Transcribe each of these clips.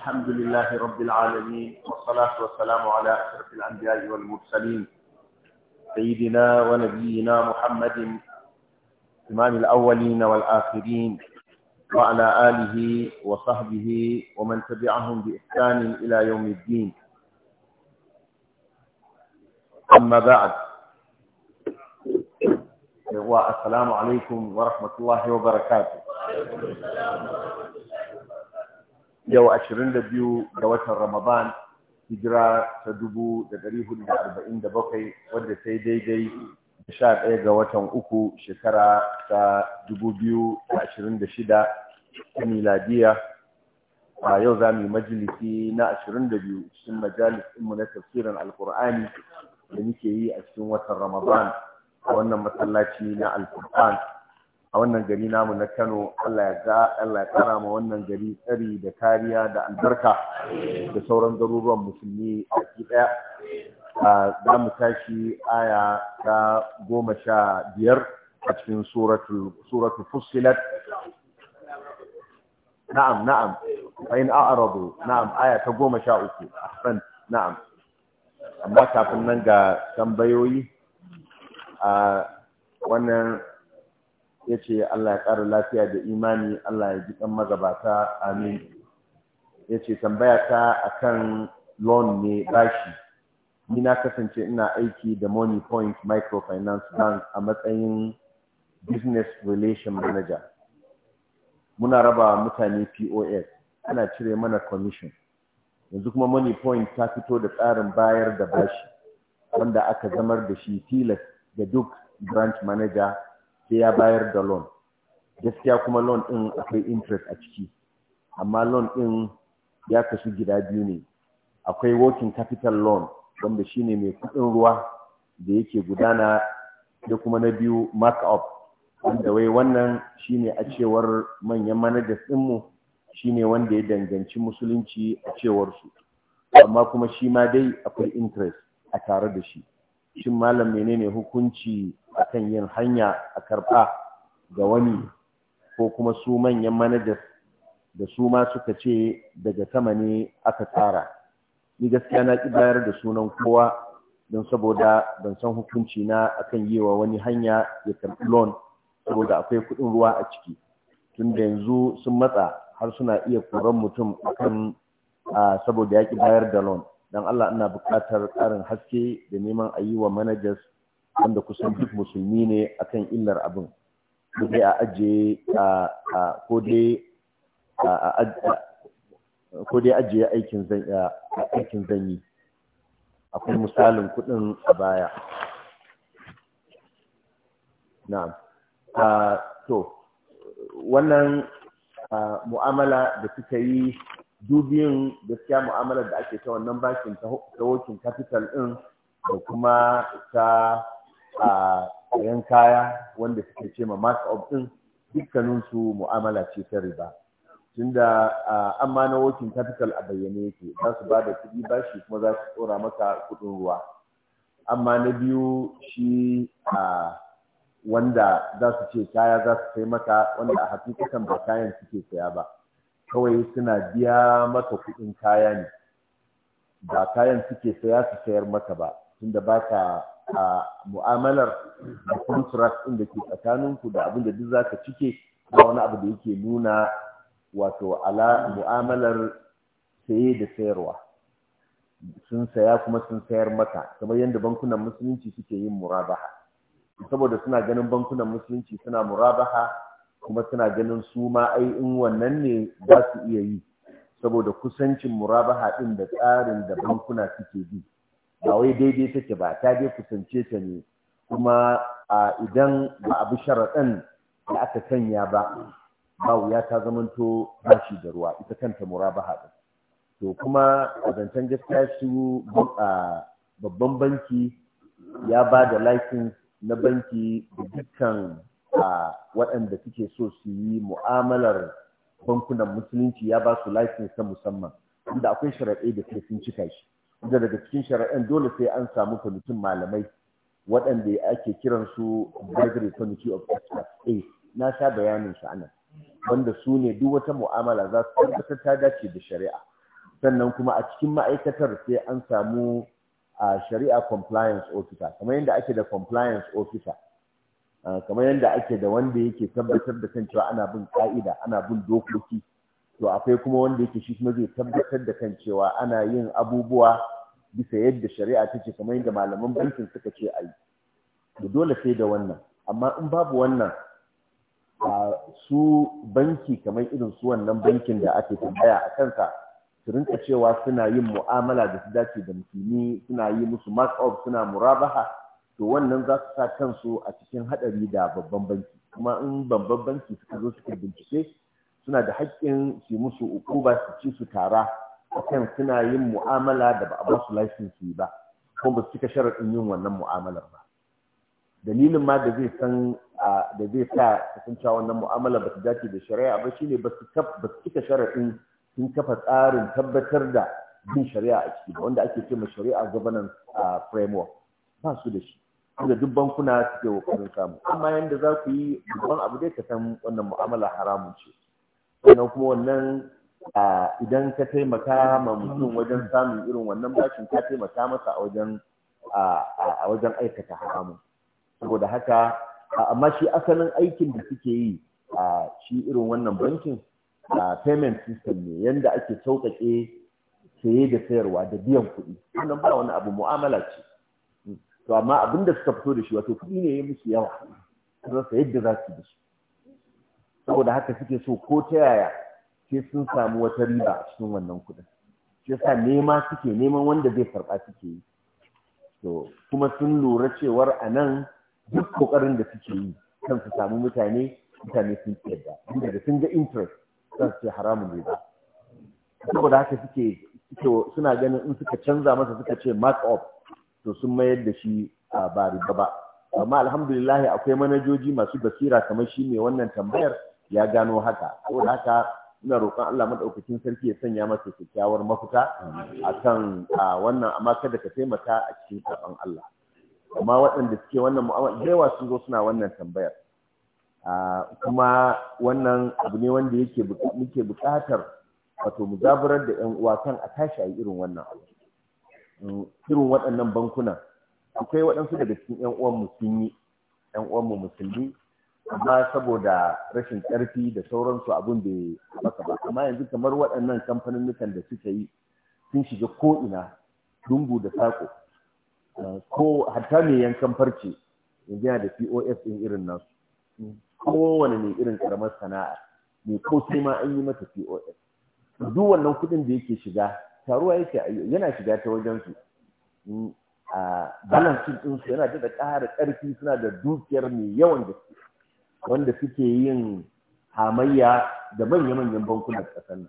الحمد لله رب العالمين والصلاة والسلام على أشرف الأنبياء والمرسلين سيدنا ونبينا محمد إمام الأولين والآخرين وعلى آله وصحبه ومن تبعهم بإحسان إلى يوم الدين أما بعد السلام عليكم ورحمة الله وبركاته yau 22 ga watan Ramadan hijira ta 1447 wadda sai daidai 11 ga watan uku shekara ta 2026 ta miladiya a yau za mu yi majalisi na 22 cikin majalisinmu na tafsirin alkur'ani da muke yi a cikin watan Ramadan a wannan masallaci na alkur'ani a wannan gari namu na Kano Allah ya ga Allah ya kara ma wannan gari tsari da kariya da albarka da sauran garuruwan musulmi a ɗaya za mu tashi aya ta goma sha biyar a cikin suratul fussilat na'am na'am fa in a'radu na'am aya ta goma sha uku ahsan na'am amma kafin nan ga tambayoyi a wannan ya ce Allah ya ƙara lafiya da imani Allah ya ji ɗan magabata amin ya ce tambaya ta akan loan ne bashi ni na kasance ina aiki da money point microfinance bank a matsayin business relation manager muna raba mutane pos ana cire mana commission yanzu kuma money point ta fito da tsarin bayar da bashi wanda aka zamar da shi tilas ga duk branch manager sai ya bayar da loan gaskiya kuma loan ɗin akwai interest a ciki amma loan ɗin ya kasu gida biyu ne akwai working capital loan wanda shine mai kuɗin ruwa da yake gudana da kuma na biyu up wanda wai wannan shine a cewar manyan managers ɗinmu shine wanda ya danganci musulunci a cewar su amma kuma shi ma dai akwai interest a tare da shi shin malam menene hukunci akan yin hanya a karɓa ga wani ko kuma su manyan manajas da su ma suka ce daga sama ne aka tsara ni gaskiya na ki bayar da sunan kowa don saboda ban san hukunci na akan yi wa wani hanya ya karɓi loan saboda akwai kuɗin ruwa a ciki tun da yanzu sun matsa har suna iya koran mutum akan saboda ya ki bayar da loan dan Allah ina buƙatar ƙarin haske da neman a yi wa managers wanda kusan duk musulmi ne a kan illar abin ko dai a ajiye ko dai aikin zanyi akwai misalin kuɗin a baya na'am to wannan mu'amala da suka yi dubiyun gaskiya mu'amalar da ake ta wannan bakin ta working capital din da kuma ta sayan kaya wanda suke ce ma mark of din dukkaninsu mu'amala ce ta riba tunda amma na working capital a bayyane yake za su ba da kuɗi bashi kuma za su tsora maka kuɗin ruwa amma na biyu shi a wanda za su ce kaya za su sai maka wanda a hakikatan ba kayan suke saya ba kawai suna biya maka kuɗin kaya ne ba kayan suke saya su sayar maka ba tunda ba ka a mu'amalar da contract ɗin da ke tsakaninku da abin da duk za ka cike ba wani abu da yake nuna wato ala mu'amalar saye da sayarwa sun saya kuma sun sayar maka kamar yadda bankunan musulunci suke yin murabaha saboda suna ganin bankunan musulunci suna murabaha kuma suna ganin su ma ai in wannan ne za su iya yi saboda kusancin murabaha ɗin da tsarin da bankuna suke bi ba wai daidai take ba ta dai kusance ta ne kuma a idan ba abu sharaɗan da aka sanya ba ba wuya ta zamanto bashi da ruwa ita kanta murabaha ɗin to kuma a zancen gaskiya su babban banki ya ba da laifin na banki da dukkan a waɗanda suke so su yi mu'amalar bankunan musulunci ya ba su license ta musamman inda akwai sharaɗe da sai sun cika shi inda daga cikin sharaɗen dole sai an samu kwamitin malamai waɗanda ake kiran su advisory committee of experts eh, na sha bayanin su anan wanda su ne duk wata mu'amala za su tabbatar ta dace da shari'a sannan kuma a cikin ma'aikatar sai an samu a shari'a compliance officer kamar yadda ake da compliance officer Eh, kamar yadda ake da wanda yake tabbatar da kan cewa ana bin ka'ida ana bin dokoki to akwai kuma wanda yake shi kuma zai tabbatar da kan cewa ana yin abubuwa bisa yadda shari'a ta ce kamar yadda malaman bankin suka ce a yi to dole sai da wannan amma in babu wannan su banki kamar irin su wannan bankin da ake tambaya a kansa su rinka cewa suna yin mu'amala da su dace da musulmi suna yi musu mark suna murabaha to wannan za su sa kansu a cikin haɗari da babban banki kuma in babban banki suka zo suka bincike suna da haƙƙin su musu ukuba su ci su tara akan suna yin mu'amala da ba a ba su license ba kuma ba su cika sharaɗin yin wannan mu'amalar ba dalilin ma da zai san da zai sa kasancewa wannan mu'amala ba su dace da shari'a ba shine ba su cika sharaɗin sun kafa tsarin tabbatar da bin shari'a a ciki ba wanda ake ce ma shari'a governance framework ba su da shi da duk bankuna suke kokarin samu amma yanda za ku yi babban abu dai ka san wannan mu'amala haramun ce sannan kuma wannan idan ka taimaka ma mutum wajen samun irin wannan bashin ka taimaka masa a wajen aikata haramun saboda haka amma shi asalin aikin da suke yi a shi irin wannan bankin a payment system ne yanda ake sauƙaƙe saye da sayarwa da biyan kuɗi wannan ba wani abu mu'amala ce to amma abin da suka fito da shi wato kuɗi ne ya musu yawa rasa yadda za su da su saboda haka suke so ko ta yaya sai sun samu wata riba a cikin wannan kuɗin shi yasa nema suke neman wanda zai karba suke yi to kuma sun lura cewar a nan duk kokarin da suke yi kan su samu mutane mutane sun yadda inda da sun ga interest za su ce haramun riba saboda haka suke suna ganin in suka canza masa suka ce mark up to sun mayar da shi a riba ba amma alhamdulillah akwai manajoji masu basira kamar shi ne wannan tambayar ya gano haka saboda haka ina roƙon Allah madaukakin sarki ya sanya masa kyakkyawar mafita akan wannan amma kada ka taimaka a cikin karɓan Allah amma waɗanda suke wannan mu'amala da sun zo suna wannan tambayar kuma wannan abu ne wanda yake muke buƙatar wato mu zaburar da 'yan uwa kan a tashi a yi irin wannan abu irin waɗannan bankuna akwai waɗansu daga cikin ‘yan uwanmu sun yi ‘yan uwanmu musulmi amma saboda rashin ƙarfi da sauransu abin bai maka ba amma yanzu kamar waɗannan kamfanin da suka yi sun shiga ko'ina dungu da sako eh, ko hatta mai yankan farce yanzu yana da pos ɗin irin nasu kowane mai irin karamar sana'a ne ko sai ma an yi mata pos duk wannan kuɗin da yake shiga taruwa yake yana shiga ta wajen su mm, a din ɗinsu yana da ƙara ƙarfi suna da dukiyar mai yawan su, wanda suke yin hamayya da manya-manyan bankunan ƙasar nan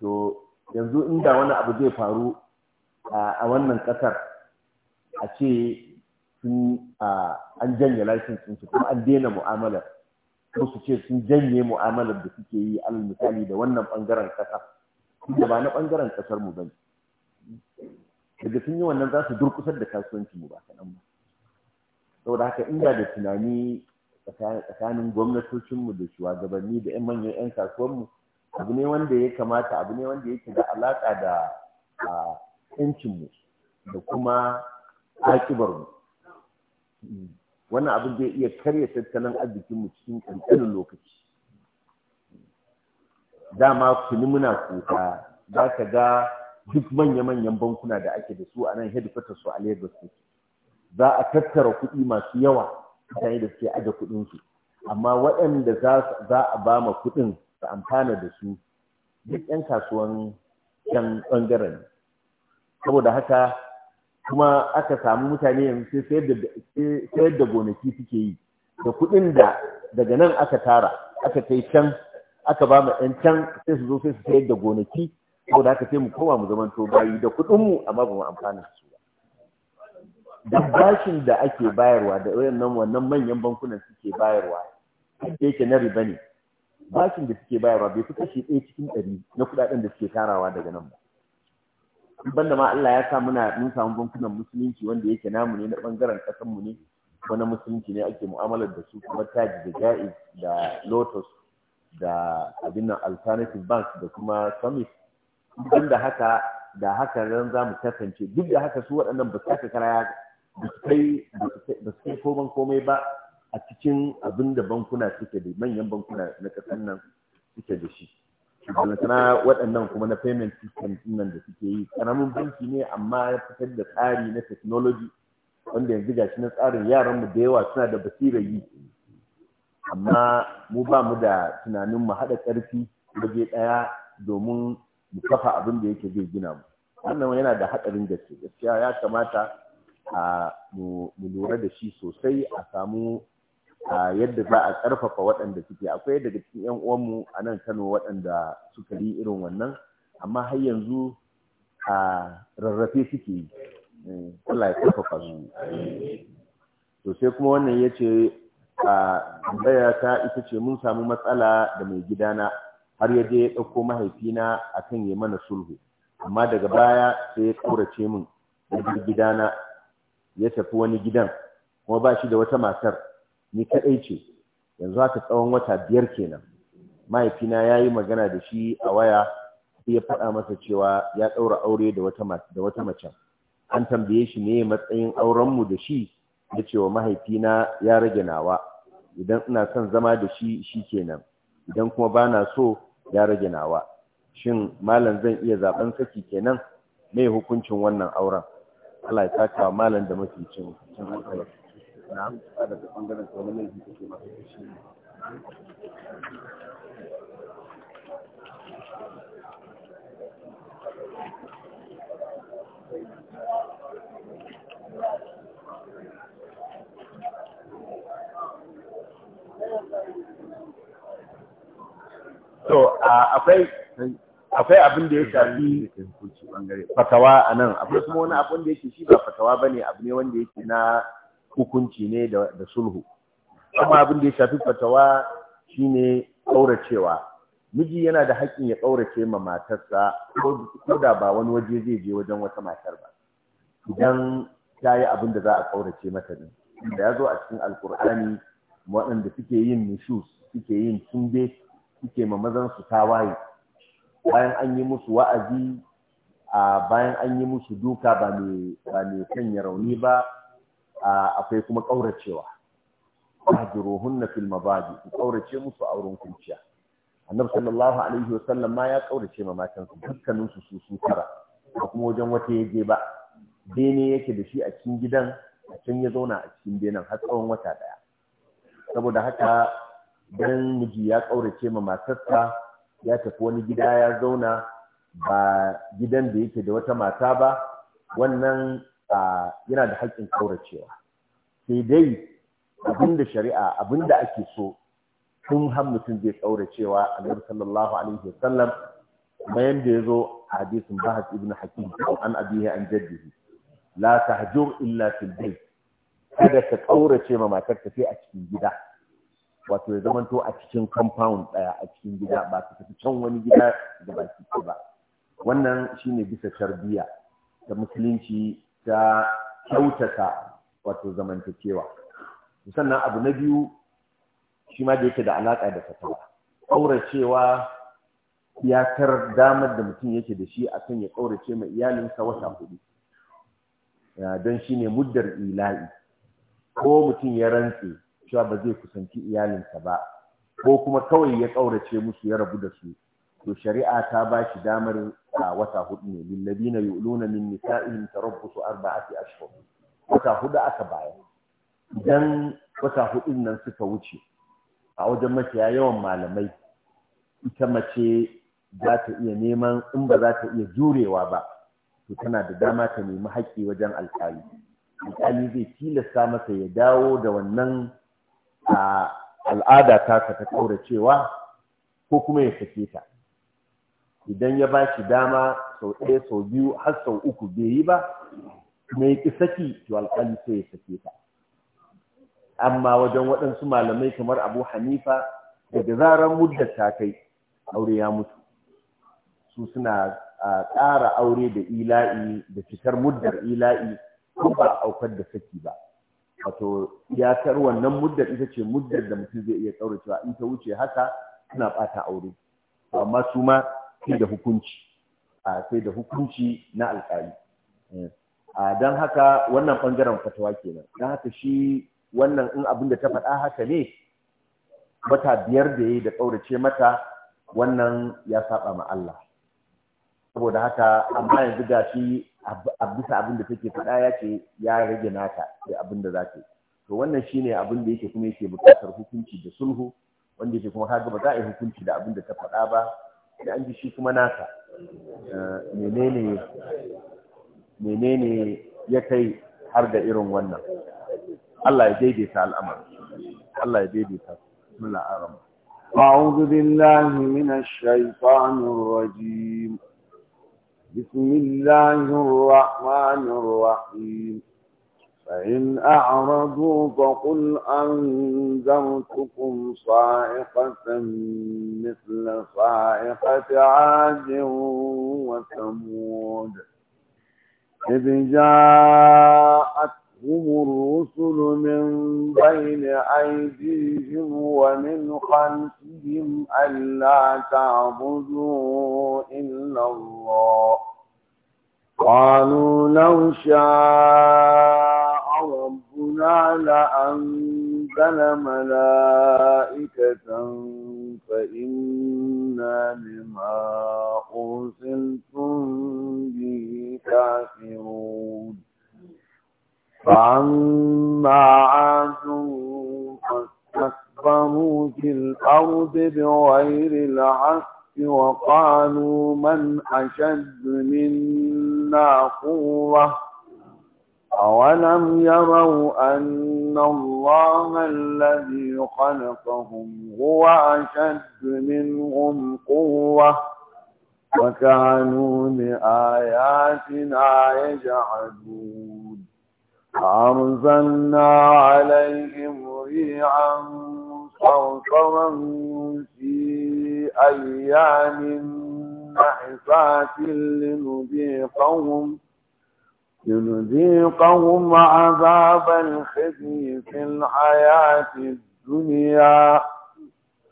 to yanzu inda wani abu zai faru a wannan ƙasar a ce sun an janye license su kuma an daina mu'amalar ko su ce sun janye mu'amalar da suke yi alal misali da wannan bangaren ƙasar. da ba na bangaren ƙasar mu bane daga sun yi wannan za su durƙusar da kasuwancin mu ba kaɗan ba saboda haka inda da tunani tsakanin gwamnatocinmu da shugabanni da 'yan manyan 'yan kasuwanmu abu ne wanda ya kamata abu ne wanda yake da alaƙa da yancinmu da kuma akibarmu hmm. wannan abin zai iya karya tattalin arzikin mu cikin ƙanƙanin lokaci dama kuni muna kuka za ka ga duk manya-manyan bankuna da ake da su a nan headquarters su a Lagos za a tattara kuɗi masu yawa yi da suke aje su. amma waɗanda za a ba ma kuɗin su amfana da su duk 'yan kasuwan 'yan ɓangaren saboda haka kuma aka samu mutane yanzu sai sayar da gonaki suke yi da kuɗin da daga nan aka tara aka kai can aka ba mu ɗan can sai su zo sai su sayar da gonaki ko da aka sai mu koma mu zamanto bayi da kuɗinmu amma ba mu amfana su ba da bashin da ake bayarwa da wayannan wannan manyan bankunan suke bayarwa da yake na riba ne bashin da suke bayarwa bai fi kashi ɗaya cikin ɗari na kuɗaɗen da suke tarawa daga nan ba Ban da ma Allah ya sa muna mun samu bankunan musulunci wanda yake namu ne na bangaren ƙasar mu ne wani musulunci ne ake mu'amalar da su kamar taji da ja'i da lotus da abin nan alternative bank da kuma summit duk da haka da haka nan za mu kasance duk da haka su waɗannan ba su kara ya ba su kai koman komai ba a cikin abin da bankuna suke da manyan bankuna na ƙasar nan suke da shi na waɗannan kuma na payment system nan da suke yi ƙaramin banki ne amma ya fitar da tsari na technology wanda yanzu gashi na tsarin yaran mu da yawa suna da basirar yi amma mu ba mu da tunanin mu haɗa ƙarfi waje ɗaya domin mu kafa abin da yake zai gina mu wannan yana da haɗarin gaske gaskiya ya kamata a mu lura da shi sosai a samu a yadda za a ƙarfafa waɗanda suke akwai daga cikin 'yan uwanmu a nan kano waɗanda suka yi irin wannan amma har yanzu a rarrafe suke yi eh, Allah ya ƙarfafa su to kuma wannan ya ce tambaya ta ita ce mun samu matsala da mai gidana har ya je ya ɗauko mahaifina a kan ya mana sulhu amma daga baya sai ya ƙaurace min daga gidana ya tafi wani gidan kuma ba shi da wata matar ni kaɗai ce yanzu haka tsawon wata biyar kenan mahaifina ya yi magana da shi a waya sai ya faɗa masa cewa ya ɗaura aure da wata mace an tambaye shi ne matsayin auren mu da shi na cewa mahaifina ya rage nawa idan ina son zama da shi shi kenan idan kuma ba na so ya rage nawa shin malam zan iya zaben saki kenan mai hukuncin wannan auren Allah ya saka malam da mafi cin cin hankali na'am daga bangaren tsoron shi ke masa shi akwai abin da ya shafi fatawa a nan akwai kuma wani abin da yake shi ba fatawa ba ne abu ne wanda yake na hukunci ne da sulhu kuma abin da ya shafi fatawa shine ƙauracewa miji yana da haƙƙin ya ƙaurace ma matarsa ko da ba wani waje zai je wajen wata matar ba idan ta yi abin da za a ƙaurace mata ne da ya zo a cikin alkur'ani waɗanda suke yin nishus suke yin tumbe suke ma mazan su tawaye bayan an yi musu wa'azi a bayan an yi musu duka ba mai ba mai sanya rauni ba akwai kuma kauracewa na fil mabadi ku kaurace musu auren kunciya annabi sallallahu alaihi wasallam ma ya kaurace ma matan su dukkanin su su su tara ba kuma wajen wata yaje ba bene yake da shi a cikin gidan a can ya zauna a cikin benen har tsawon wata daya saboda haka dan miji ya ƙaurace ma matarsa ya tafi wani gida ya zauna ba gidan da yake da wata mata ba wannan yana da haƙƙin ƙauracewa sai dai abinda shari'a abinda ake so tun har mutum zai ƙauracewa annabi sallallahu alaihi wasallam bayan da zo a hadisin bahas ibn hakim an abihi an jaddihi la tahjur illa fil bayt kada ka ƙaurace ma matarka sai a cikin gida wato ya zamanto a cikin compound ɗaya a cikin gida ba su tafi can wani gida da ba ba wannan shine bisa tarbiyya ta musulunci ta kyautata wato zamantakewa sannan abu na biyu shi ma da yake da alaƙa da fatawa ƙauracewa iyakar damar da mutum yake da shi a kan ya ƙaurace ma iyalinsa wata hudu don shi ne muddar ila'i ko mutum ya rantse cewa ba zai kusanci iyalinsa ba ko kuma kawai ya ƙaurace musu ya rabu da su to shari'a ta ba shi damar a wata hudu ne lillabina yu'luna min nisa'ihim tarabbusu arba'ati ashhur wata hudu aka bayan. idan wata hudun nan suka wuce a wajen mafiya yawan malamai ita mace za ta iya neman in ba za ta iya jurewa ba to tana da dama ta nemi haƙƙi wajen alƙali alƙali zai tilasta masa ya dawo da wannan a al'ada ta ta kaura cewa ko kuma ya sake ta idan ya ba shi dama sau ɗaya sau biyu har sau uku bai yi ba kuma ya ƙi saki to alƙali sai ya sake ta amma wajen waɗansu malamai kamar abu hanifa daga zarar muddar ta kai aure ya mutu su suna ƙara aure da ila'i da fitar muddar ila'i ko ba a aukar da saki ba wato ya tar wannan muddar ita ce muddar da mutum zai iya tsaurata. in ta wuce haka suna bata aure amma su ma sai da hukunci a sai da hukunci na alƙali eh. a don haka wannan bangaren fatawa kenan don haka shi wannan in abin da ta faɗa haka ne wata biyar da ya yi da tsaurace mata wannan ya saba ma Allah saboda haka amma yanzu ga shi a bisa abin da take faɗa ya ce ya rage nata da abin da za ta yi to wannan shine abin da yake kuma yake buƙatar hukunci da sulhu wanda yake kuma kaga ba za a yi hukunci da abin da ta faɗa ba da an ji shi kuma nata eh, menene menene ya kai har da irin wannan Allah ya daidaita al'amari Allah ya daidaita bismillahir rahmanir rahim a'udhu billahi minash shaitanir rajim بسم الله الرحمن الرحيم فإن أعرضوا فقل أنذرتكم صاعقة مثل صاعقة عاد وثمود إذ جاءت هم الرسل من بين أيديهم ومن خلفهم ألا تعبدوا إلا الله قالوا لو شاء ربنا لأنزل ملائكة فإنا بما أرسلتم به كافرون فأما عاد فاستكبروا في الأرض بغير الحق وقالوا من أشد منا قوة أولم يروا أن الله الذي خلقهم هو أشد منهم قوة وكانوا بآياتنا يجعلون أرسلنا عليهم ريعا صرصرا في أيام نحسات لنذيقهم لنذيقهم عذاب الخزي في الحياة الدنيا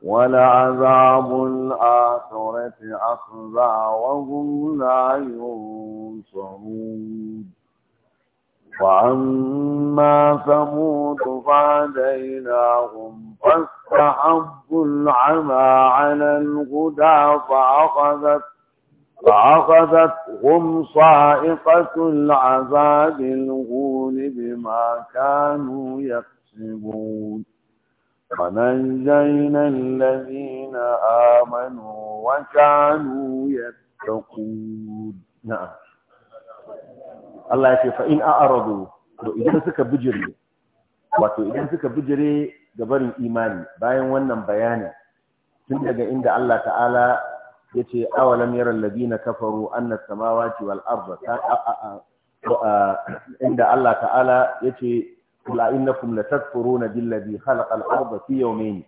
ولعذاب الآخرة أخزى وهم لا ينصرون وأما ثمود فهديناهم فاستحبوا العمى على الهدى فأخذت فأخذتهم صائقة العذاب الغول بما كانوا يكسبون ونجينا الذين آمنوا وكانوا يتقون نعم Allah ya ce fa in a'radu to idan suka bijire wato idan suka bijire ga barin imani bayan wannan bayani tun daga inda Allah ta'ala ya ce awalam yaral ladina kafaru anna samawati wal arda inda Allah ta'ala ya ce la innakum latakfuruna billadhi khalaqa al-arda fi yawmayn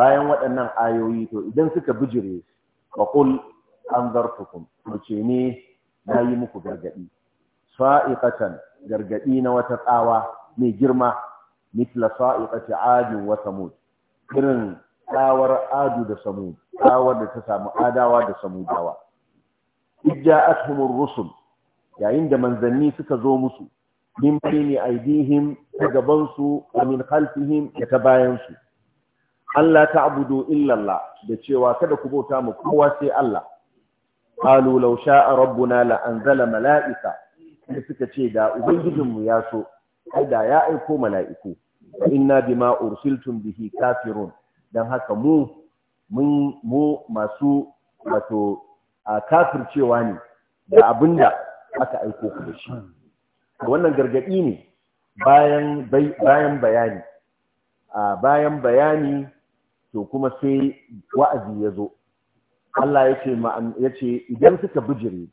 bayan waɗannan ayoyi to idan suka bijire wa qul anzartukum to ce ne nayi muku gargadi sa'iƙatan gargadi na wata tsawa mai girma mitla sa'iqati adu wa samud irin tsawar adu da samud tsawar da ta samu adawa da samudawa Ijja ar-rusul yayin da manzanni suka zo musu min bayni aidihim ta gabansu su wa min khalfihim da ta bayan su Allah ta'budu illa Allah da cewa kada ku bauta mu kowa sai Allah qalu law sha'a rabbuna la anzala mala'ika da suka ce da ubangijinmu ya so ai da ya aiko mala'iku inna bima ursiltum bihi kafirun dan haka mu mun mu masu wato a cewa ne da abinda aka aiko ku da shi wannan gargadi ne bayan bayan bayani a bayan bayani to kuma sai wa'azi ya zo Allah ya ce idan suka bijire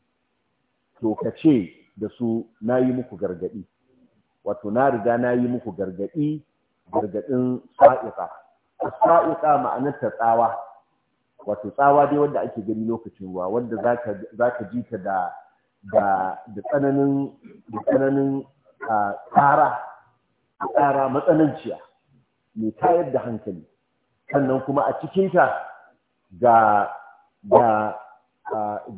to ka ce da su na yi muku gargaɗi wato na riga na yi muku gargaɗi gargaɗin sa'iƙa sa'iƙa ma'anarta tsawa wato tsawa dai wanda ake gani lokacin ruwa wanda za ka ji ta da da tsananin da tsananin tsara matsananciya mai tayar da hankali sannan kuma a cikinta ga ga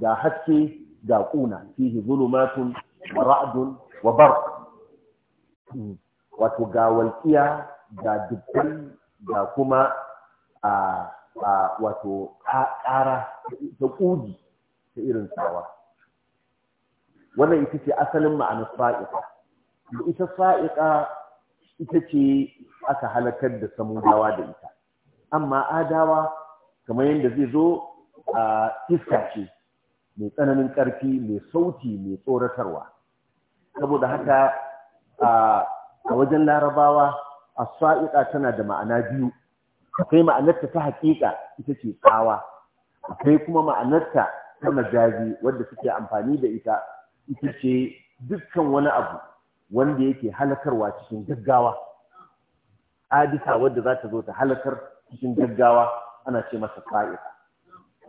ga haske ga ƙuna fihi zulumatun ra'dun wa wato ga walƙiya ga dukkan, ga kuma a wato ƙara ta ƙudi ta irin tsawa wannan ita ce asalin ma'anar sa'iƙa ita sa'iƙa ita ce aka halakar da samudawa da ita amma adawa kamar yadda zai zo a iska ce mai tsananin ƙarfi mai sauti mai tsoratarwa saboda haka a wajen larabawa a sa'iƙa tana da ma'ana biyu akwai ma'anarta ta haƙiƙa ita ce tsawa akwai kuma ma'anarta ta majazi wadda suke amfani da ita ita ce dukkan wani abu wanda yake halakarwa cikin gaggawa Adisa wadda za ta zo ta halakar cikin gaggawa ana ce masa sa'iƙa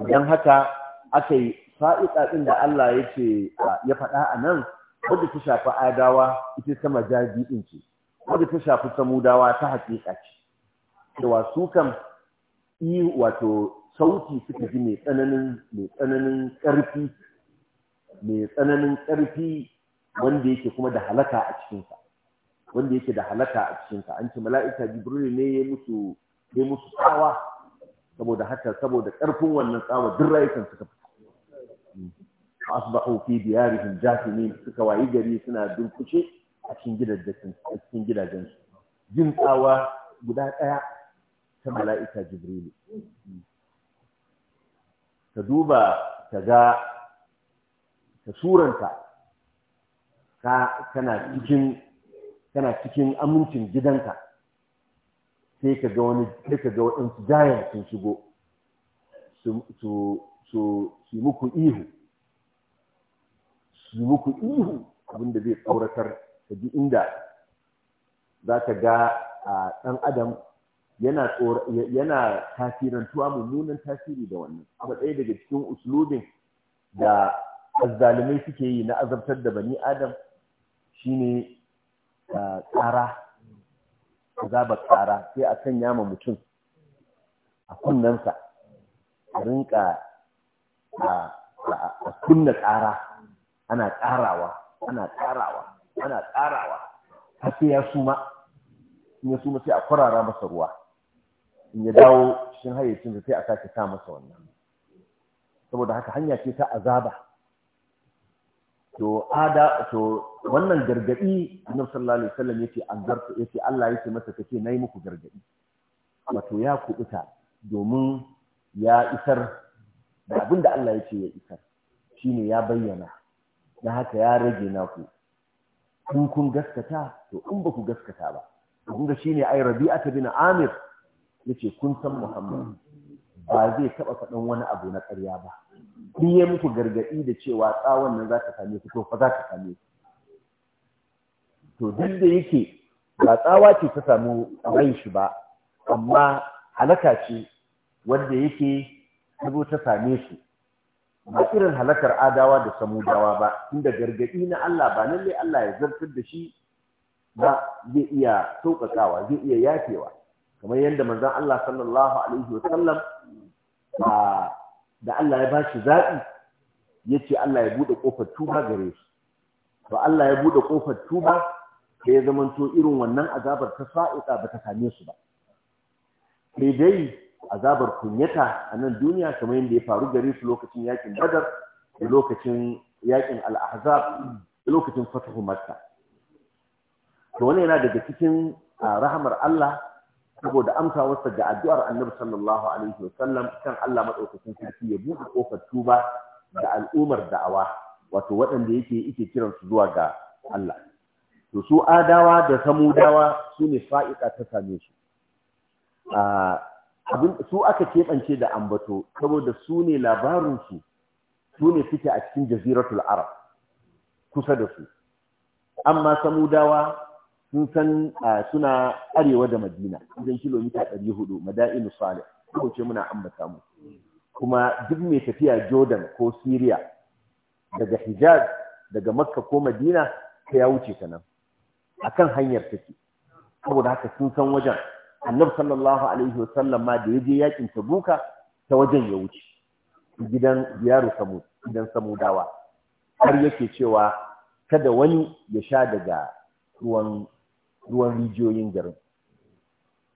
idan haka aka yi fa'iƙa da Allah ya ya faɗa a nan wadda ta shafi adawa ita sama jaji in ce wadda ta shafi samudawa ta haƙiƙa ce cewa su kan yi wato sauti suka ji mai tsananin ƙarfi mai tsananin ƙarfi wanda yake kuma da halaka a cikinsa wanda yake da halaka a cikinsa an ce mala'ika jibril ne ya musu ya musu tsawa saboda haka saboda ƙarfin wannan tsawa duk rayukan suka fita asbahu fi diyarihim jahimin suka wayi gari suna dunkuce a cikin gidajen a cikin gidajen jin tsawa guda daya ta mala'ika jibrilu ka duba ka ga ka suranta ka kana cikin kana cikin amincin gidanka sai ka ga wani sai ka ga waɗansu jayan sun shigo su So, su muku ihu su muku ihu abinda zai tsauratar da ji inda za ka ga a ɗan adam yana yana tasirantuwa mummunan tasiri da wannan abu ɗaya daga cikin uslubin da azzalumai suke yi na azabtar da bani adam shine ƙara azaba ƙara sai a sanya ma mutum a kunnensa a rinka a kunna ƙara ana ƙarawa ana ƙarawa ana ƙarawa har sai ya suma in ya suma sai a kwarara masa ruwa in ya dawo cikin hayyacin sai a sake sa masa wannan saboda haka hanya ce ta azaba to ada to wannan gargadi annabi sallallahu alaihi wasallam yace anzarta yake Allah yake masa kace nayi muku gargadi wato ya kubuta domin ya isar da abin da Allah ya ce ya isar shine ya bayyana na haka ya rage naku in kun gaskata to in ba ku gaskata ba kun ga shine ai ta bin Amir yace kun san Muhammad ba zai taba faɗan wani abu na ƙarya ba in yi muku gargaɗi da cewa tsawon nan za ka same su to fa za ka same su? to duk da yake ba tsawa ce ta samu ran shi ba amma halaka ce wanda yake ta zo ta same shi ba irin halakar adawa da samudawa ba inda gargaɗi na Allah ba lalle Allah ya zartar da shi ba zai iya sauƙaƙawa zai iya yafewa kamar yadda manzon Allah sallallahu alaihi wa sallam da Allah ya bashi zaɓi ya ce Allah ya buɗe ƙofar tuba gare shi to Allah ya buɗe ƙofar tuba ta ya zamanto irin wannan azabar ta sa'iƙa ba ta same su ba sai dai azabar kunyata a nan duniya kamar yadda ya faru gare su lokacin yakin badar da lokacin yakin al da lokacin fatahu makka to wani yana daga cikin rahamar Allah saboda amsawarsa ga addu'ar Annabi sallallahu alaihi wasallam kan Allah madaukakin sarki ya buɗe kofar tuba da al'ummar da'awa wato waɗanda yake yake kiransu zuwa ga Allah to su adawa da samudawa su ne ta same su su aka keɓance da ambato saboda su ne labarinsu su ne suke a cikin jaziratul arab kusa da su amma samudawa sun san suna arewa da madina idan kilomita 400 madainu salih ko ce muna ambata mu kuma duk mai tafiya jordan ko syria daga hijaz daga makka ko madina ta ya wuce ta nan akan hanyar take saboda haka sun san wajen annabi sallallahu alaihi sallam ma da yaje yakin tabuka ta wajen ya wuce gidan ziyaru samu gidan dawa har yake cewa kada wani ya sha daga ruwan ruwan rijiyoyin garin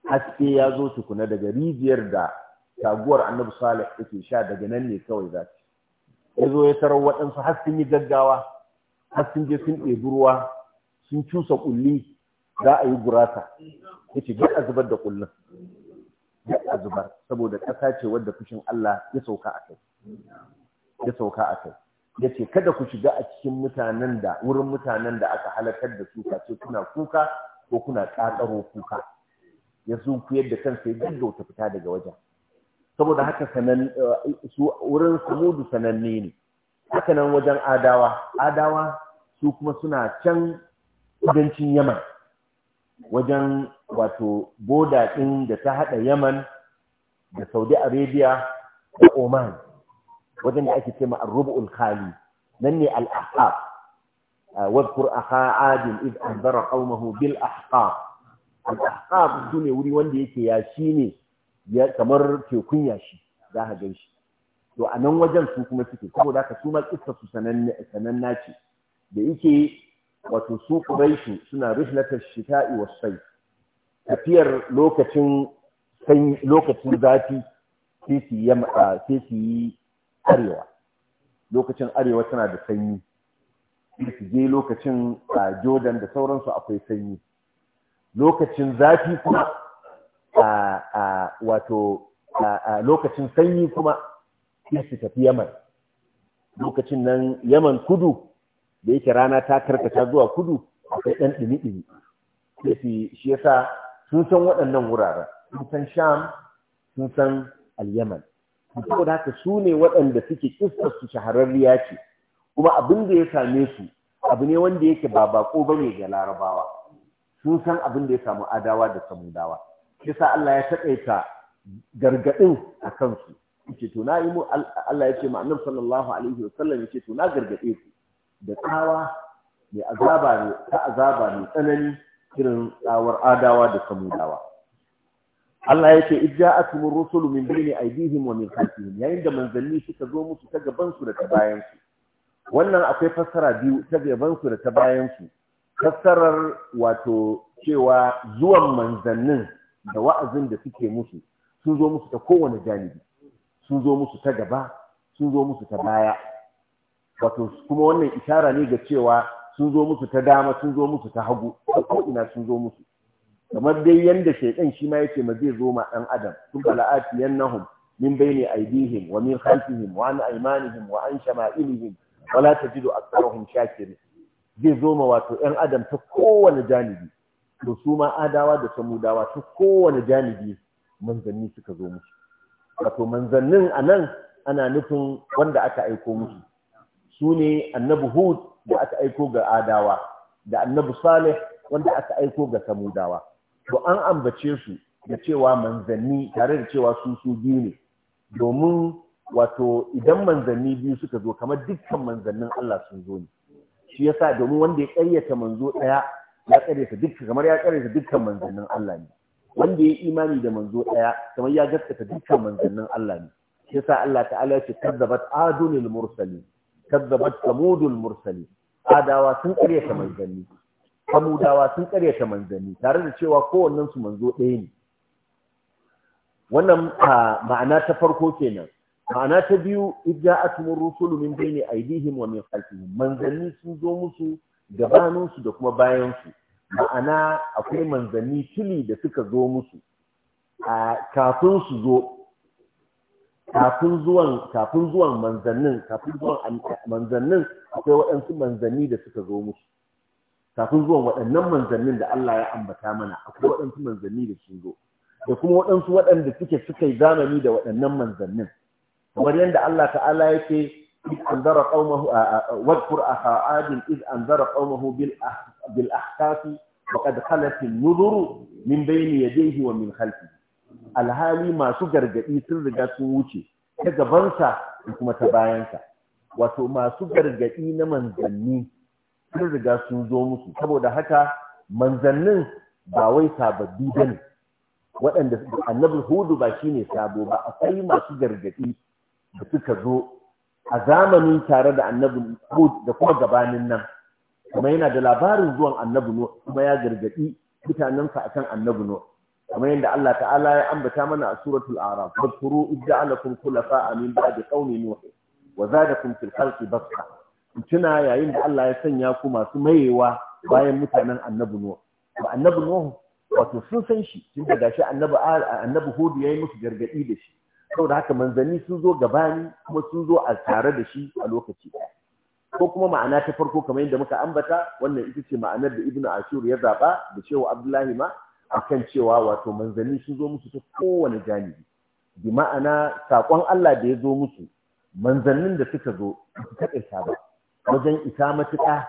haske ya zo tukuna daga rijiyar da taguwar annabi salih yake sha daga nan ne kawai za ta ya zo ya tarar waɗansu har gaggawa har je sun ɗebi ruwa sun cusa ƙulli za a yi gurasa ya ce a zubar da kullum. duk a zubar saboda ƙasa ce wadda fushin Allah ya sauka a kai ya sauka a kai Ya ce kada ku shiga a cikin mutanen da wurin mutanen da aka halakar da su ko kuna kuka ko kuna ƙaƙaro kuka ya zunkuyar yadda kansa ya gaggauta fita daga wajen saboda haka sanan eh, su wurin samudu sananne ne haka nan wajen adawa adawa su kuma suna can kudancin yaman wajen wato boda ɗin da ta haɗa yaman da saudi arabia da oman wajen da ake cema Rub'ul khali nan ne al-ahqaf wadkur akha adin id anzara bil ahqaf al-ahqaf shine wuri wanda yake yashi ne ya kamar tekun yashi za ka gan shi to a nan wajen su kuma suke saboda haka su ma kissa su sananna ce da yake wato su quraishi suna rihlatash shita'i wa sayf tafiyar lokacin lokacin zafi sai su yi ah, sai su yi arewa lokacin arewa tana da sanyi sai su je lokacin ah, Jordan da sauransu akwai sanyi lokacin zafi kuma a ah, wato lokacin sanyi kuma sai su tafi Yaman lokacin nan Yaman kudu da yake rana ta karkata zuwa kudu akwai ɗan ɗimi-ɗimi. sai shi sa sun san waɗannan wuraren sun san sham sun san al-yaman saboda haka su ne waɗanda suke kistar su shahararriya ce kuma abin da ya same su abu ne wanda yake ba bako ne ga larabawa sun san abin da ya samu adawa da samudawa sa Allah ya taƙaita gargaɗin a kansu yace to na yi mu Allah ya ce ma annabi sallallahu alaihi ya ce to na gargaɗe ku da tsawa mai azaba ne ta azaba mai tsanani irin tsawar adawa da samudawa Allah ya ce, a ijja'atumur rusulu min a aydihim wa min khalfihim yayin da manzanni suka zo musu ta gaban da ta bayan wannan akwai fassara biyu ta gaban da ta bayansu. fassarar wato cewa zuwan manzannin da wa'azin da suke musu sun zo musu ta kowane janibi sun zo musu ta gaba sun zo musu ta baya wato kuma wannan ishara ne ga cewa sun zo musu ta dama sun zo musu ta hagu ko ina sun zo musu kamar dai yanda shaitan shi ma yake ma zai zo ma dan adam sun bala'ati yannahum min bayni aydihim wa min khalfihim wa an aymanihim wa an shama'ilihim wa la tajidu aktharuhum shakirin zai zo ma wato yan adam ta kowane janibi to su ma adawa da samudawa ta kowane janibi manzanni suka zo musu wato manzannin anan ana nufin wanda aka aiko musu su ne annabi hud da aka aiko ga adawa da annabi salih wanda aka aiko ga samudawa to an ambace su da cewa manzanni tare da cewa su su biyu ne domin wato idan manzanni biyu suka zo kamar dukkan manzannin Allah sun zo ne shi yasa domin wanda ya ƙaryata manzo ɗaya ya ƙaryata dukkan kamar ya ƙaryata dukkan manzannin Allah ne wanda ya imani da manzo ɗaya kamar ya gaskata dukkan manzannin Allah ne shi yasa Allah ta'ala ya ce kadzabat adunil mursalin kazzabat samudul mursali adawa sun karyata manzanni samudawa sun ta manzanni tare da cewa kowannen su manzo ɗaya ne wannan ma'ana ta farko kenan ma'ana ta biyu idja'atumur rusulu min bayni aydihim wa min khalfihim manzanni sun zo musu gabanin su da kuma bayan su ma'ana akwai manzanni tuli da suka zo musu a kafin su zo kafin zuwan kafin zuwan manzannin kafin zuwan manzannin akwai waɗansu manzanni da suka zo musu kafin zuwan waɗannan manzannin da Allah ya ambata mana akwai waɗansu manzanni da sun zo da kuma waɗansu waɗanda suke suka yi zamani da waɗannan manzannin kamar yadda Allah ta'ala yake إذ أنذر قومه واذكر أخا عاد إذ أنذر قومه بالأحقاف وقد خلت النذر من بين يديه ومن خلفه alhali masu gargaɗi sun riga sun wuce ta gabansa da kuma ta bayansa wato masu gargaɗi na manzanni sun riga sun zo musu saboda haka manzannin ba wai sababbi ba ne waɗanda annabi hudu ba shi ne sabo ba akwai masu gargaɗi da suka zo a zamani tare da annabi hudu da kuma gabanin nan kuma yana da labarin zuwan annabi kuma ya gargadi mutanensa akan annabi Nuhu. kamar yadda Allah ta'ala ya ambata mana a suratul araf fadkuru idja'alakum khulafa'a min ba'di qaumi nuh wa zadakum fil khalqi basta tuna yayin da Allah ya sanya ku masu mayewa bayan mutanen annabi nuh ba annabi nuh wato sun san shi tun da gashi annabi annabi hud yayi musu gargadi da shi saboda haka manzanni sun zo gabani kuma sun zo a tare da shi a lokaci ɗaya ko kuma ma'ana ta farko kamar yadda muka ambata wannan ita ce ma'anar da ibnu ashur ya zaba da cewa abdullahi ma akan cewa wato manzanni sun zo musu ta kowane janibi bi ma'ana saƙon Allah da ya zo musu manzannin da suka zo su taƙaita ba wajen isa matuƙa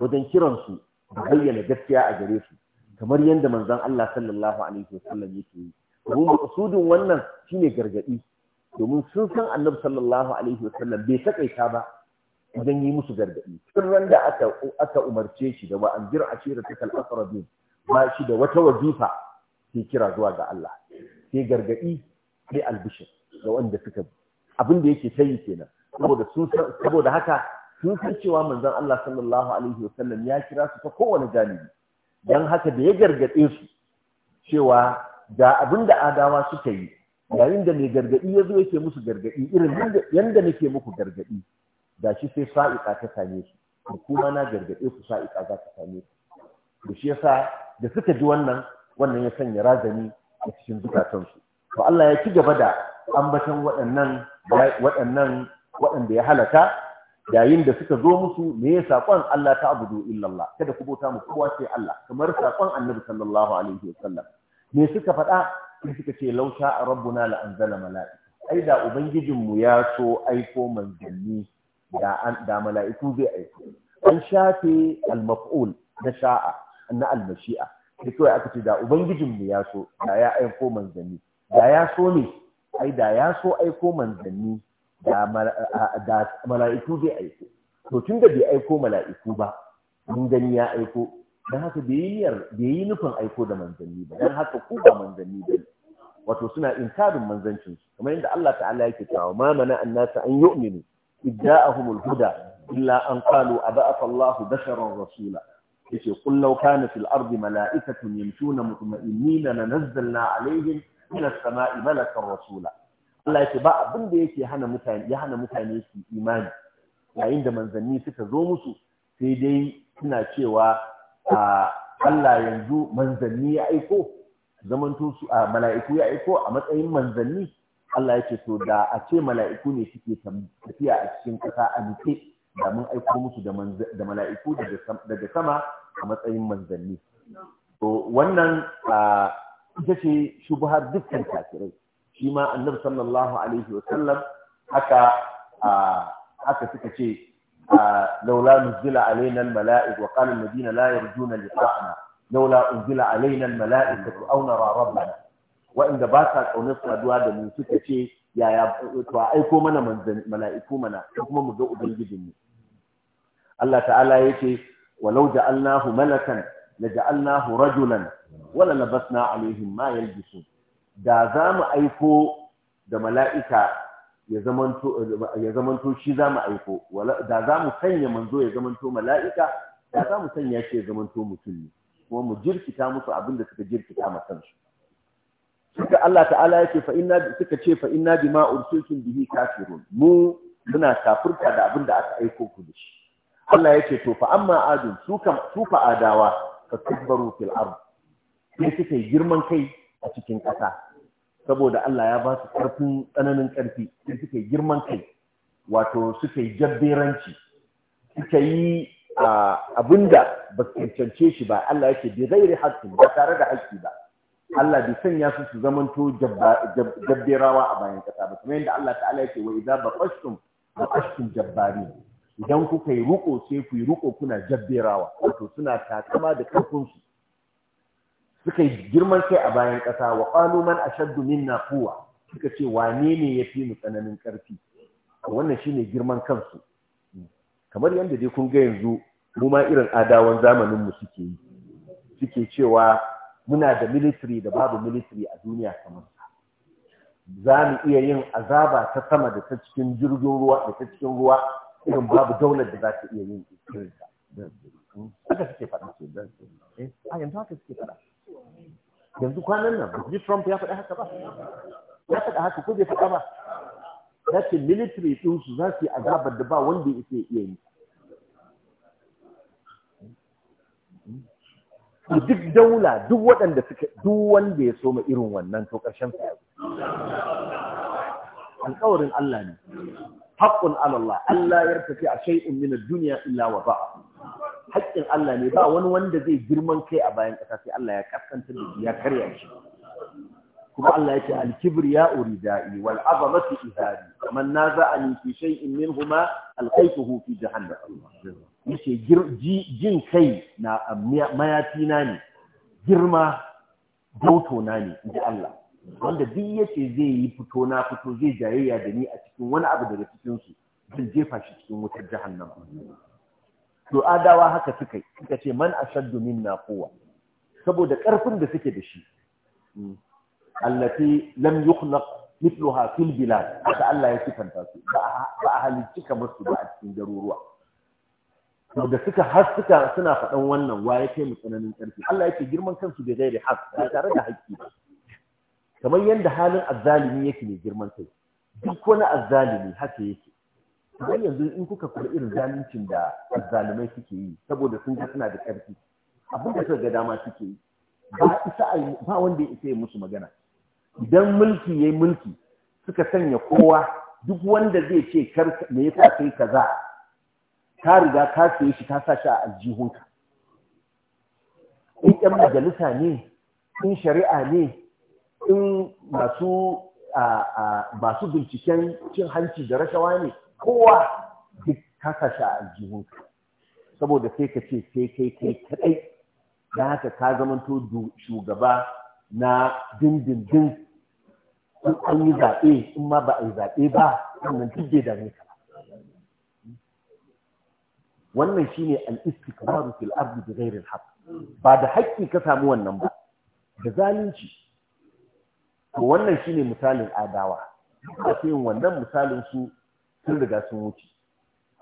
wajen kiransu da bayyana gaskiya a gare su kamar yadda manzan Allah sallallahu alaihi wasallam yake yi domin maƙasudin wannan shine gargaɗi domin sun san annabi sallallahu alaihi wasallam bai taƙaita ba idan yi musu gargaɗi tun randa aka umarce shi da wa anjir ashiratakal aqrabin ba shi da wata wazifa ke kira zuwa ga Allah sai gargadi sai albishir ga wanda suka bi abin da yake tayi kenan saboda sun saboda haka sun san cewa manzon Allah sallallahu alaihi wasallam ya kira su ta kowane jami'i dan haka da ya gargade su cewa ga abin da adawa suka yi yayin da mai gargadi ya zo yake musu gargadi irin yanda nake muku gargadi da shi sai sa'iqa ta same shi kuma na gargade ku sa'iqa za ta same shi to shi yasa da suka ji wannan wannan ya sanya razani a cikin zukatansu to Allah ya ci gaba da ambaton waɗannan waɗannan waɗanda ya halaka yayin da suka zo musu me ya saƙon Allah ta abudu illallah kada ku bauta mu kowa sai Allah kamar saƙon annabi sallallahu alaihi wasallam me suka faɗa sai suka ce lausha a rabbuna la anzala mala'ika ai da ubangijinmu ya so aiko manzanni da mala'iku zai aiko an shafe al-maf'ul na sha'a na almashi'a da kawai aka ce da ubangijinmu ya so da ya aiko manzanni da ya so ne ai da ya so aiko manzanni da mala'iku zai aiko to tun da bai aiko mala'iku ba mun gani ya aiko don haka bai yi nufin aiko da manzanni ba don haka ku ba manzanni ba wato suna inkarin manzancin su kamar yadda Allah ta'ala yake cewa ma mana annasa an yu'minu idda'ahumul huda illa an qalu aba'atha Allahu basharan rasula yace qul law kana fil ardi mala'ikatun yamshuna mutma'innina lanazzalna alaihim min as-sama'i malakan rasula Allah yace ba abin da yake hana mutane ya hana mutane su imani yayin da manzanni suka zo musu sai dai suna cewa Allah yanzu manzanni ya aiko zamanto su a mala'iku ya aiko a matsayin manzanni Allah yake to da a ce mala'iku ne suke tafiya a cikin ƙasa a nufe da mun aiko musu da mala'iku daga sama a matsayin manzanni wannan ita ce shubhar dukkan kafirai shi ma annabi sallallahu alaihi wa sallam haka haka suka ce laula nuzila alaina almala'ik wa qala madina layar juna liqa'ana laula unzila alaina almala'ikatu aw nara rabbana wa'inda ba sa kaunar saduwa da mu suka ce yaya to aiko mana mala'iku mana ko kuma mu ga ubangijinmu Allah ta'ala yake walau ja'alnahu malakan la ja'alnahu rajulan wala labasna alaihim ma yalbisu da za mu aiko da mala'ika ya zamanto shi za mu aiko da za mu sanya manzo ya zamanto mala'ika da za mu sanya shi ya zamanto mutum ne kuma mu jirkita musu abin da suka jirkita ma kansu suka Allah ta'ala yake inna suka ce inna bima ursiltum bihi kafirun mu muna kafirta da abin da aka aiko ku da shi Allah ya to fa amma adun su fa adawa ka kubbaru fil ard sai suka girman kai a cikin ƙasa saboda Allah ya ba su ƙarfin tsananin ƙarfi sai suka girman kai wato suka yi jabberanci suka yi abinda ba su cancance shi ba Allah ya ce, bi ghairi haqqin ba tare da aiki ba Allah bai sanya su su zamanto jabberawa a bayan ƙasa ba kuma yadda Allah ta'ala ya yake wa idza baqashtum baqashtum jabbarin idan kuka yi ruko sai ku yi ruko kuna jabberawa wato suna takama da ƙarfinsu suka yi girman kai a bayan ƙasa wa ƙwano man ashaddu minna kowa. suka ce wane ne ya fi mu tsananin ƙarfi wannan shine girman kansu kamar yadda dai kun ga yanzu mu ma irin adawan zamanin mu suke yi suke cewa muna da military da babu military a duniya kamar za mu iya yin azaba ta sama da ta cikin jirgin ruwa da ta cikin ruwa irin babu daular da za ta iya yin irin ta haka suke faɗa da eh, a yanzu haka suke faɗa yanzu kwanan nan ba Trump ya faɗa haka ba ya faɗa haka ko bai faɗa ba ya ce military ɗinsu za su yi azabar da ba wanda ya iya yi duk daula duk waɗanda suka duk wanda ya soma irin wannan to ƙarshen sa alƙawarin Allah ne haqqun ala Allah Allah ya tafi a shay'un min ad-dunya illa wa ba'a haƙƙin Allah ne ba wani wanda zai girman kai a bayan ƙasa sai Allah ya kaskanta da ya karya shi kuma Allah ya yake al-kibriya uridai wal azamatu izari man naza'ani fi shay'in minhuma alqaituhu fi jahannam yace jin kai na mayafi na ne girma dauto na ne inji Allah wanda duk ce zai yi fito na fito zai jayayya da ni a cikin wani abu daga cikin su zan jefa shi cikin wutar jahannama to adawa haka suka yi suka ce man ashaddu minna kowa. saboda karfin da suke da shi allati lam yukhlaq mithluha fil bilad haka Allah ya sifanta su ba a halicci kamar su ba a cikin garuruwa to da suka har suka suna faɗan wannan wa ya kai mu tsananin ƙarfi Allah yake girman kansu da gairi haq ba tare da haƙƙi ba kamar yadda halin azzalimi yake mai girman kai duk wani azzalimi haka yake kamar yanzu in kuka kula irin zaluncin da azzalimai suke yi saboda sun ga suna da ƙarfi abin da suka ga dama suke yi ba isa ba wanda ya isa ya musu magana idan mulki yayi mulki suka sanya kowa duk wanda zai ce kar me yasa kai kaza ka riga ka sai shi ka sa shi a aljihunka in ƴan majalisa ne in shari'a ne in masu su binciken cin hanci da rashawa ne kowa duk kasa shi a aljihun saboda sai ka ce sai kai kai kadai da haka ka zamanto shugaba na dindindin in an yi zaɓe in ma ba a yi zaɓe ba wannan duk da dame ka wannan shine al kamar fil ardi bi ghairi al ba da haƙƙi ka samu wannan ba da zalunci to wannan shine misalin adawa da yin wannan misalin su sun riga sun wuce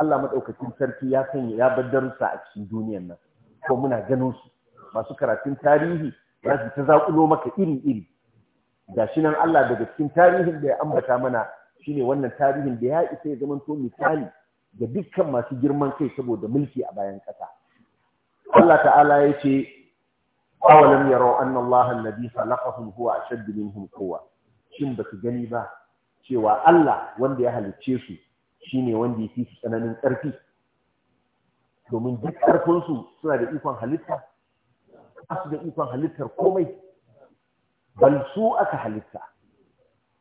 Allah madaukakin sarki ya sanya ya bar darussa a cikin duniyar nan ko muna ganin su masu karatun tarihi za su ta zaƙulo maka iri iri gashi nan Allah daga cikin tarihin da ya ambata mana shine wannan tarihin da ya isa ya zamanto misali ga dukkan masu girman kai saboda mulki a bayan ƙasa Allah ta'ala ya ce awalam yaro anna Allah alladhi khalaqahum huwa ashadd minhum quwwa shin ba su gani ba cewa Allah wanda ya halicce su shine wanda yake su tsananin ƙarfi domin duk ƙarfin su suna da ikon halitta su da ikon halittar komai bal su aka halitta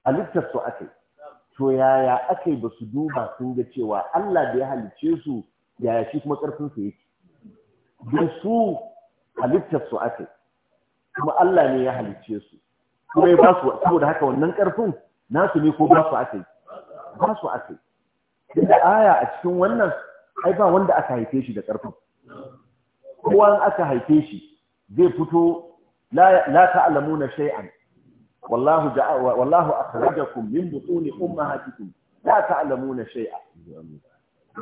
halittar su aka to yaya aka ba su duba sun ga cewa Allah da ya halicce su yaya shi kuma ƙarfin su yake don su halittar su ake kuma Allah ne ya halicce su kuma ya basu, saboda haka wannan karfin nasu ne ko basu su ake Basu su ake inda aya a cikin wannan ai ba wanda aka haife shi da karfin kowa in aka haife shi zai fito la ta'lamuna shay'an wallahu ja'a wallahu akhrajakum min butuni ummahatikum la ta'lamuna shay'an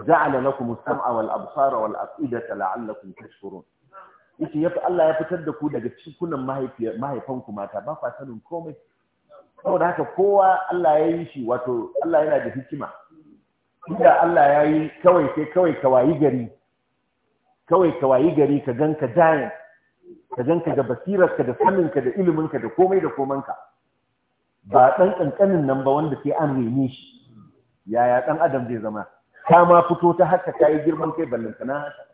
ja'ala lakum as-sam'a wal absara wal af'idata la'allakum tashkurun yace yafi Allah ya fitar da ku daga cikunan mahaifanku mata ba kwa sanin komai saboda haka kowa Allah ya yi shi wato Allah yana da hikima inda Allah ya yi kawai sai kawai wayi gari kawai wayi gari ka gan ka giant ka gan ka da basirarka da saninka da iliminka da komai da komanka ba ɗan ƙanƙanin nan ba wanda sai an rene shi yaya ɗan adam zai zama ka ma fito ta haka ka yi girman kai ballantana haka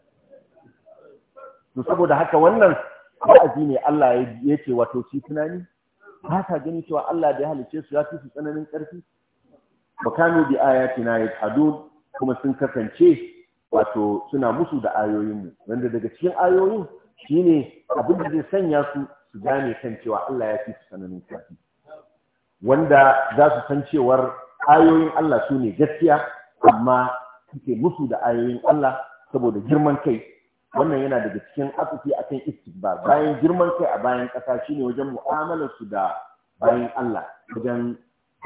to saboda haka wannan wa'azi ne Allah ya ce wato shi tunani ba sa gani cewa Allah da ya halice su ya fi su tsananin ƙarfi ba kanu bi ya yajhadun kuma sun kasance wato suna musu da ayoyinmu wanda daga cikin ayoyin shine abin da zai sanya su su gane kan cewa Allah ya fi su tsananin ƙarfi wanda za su san cewar ayoyin Allah su ne gaskiya amma suke musu da ayoyin Allah saboda girman kai wannan yana daga cikin asusi kan istikbar bayan girman kai a bayan ƙasa shine wajen mu'amalarsu da bayan Allah wajen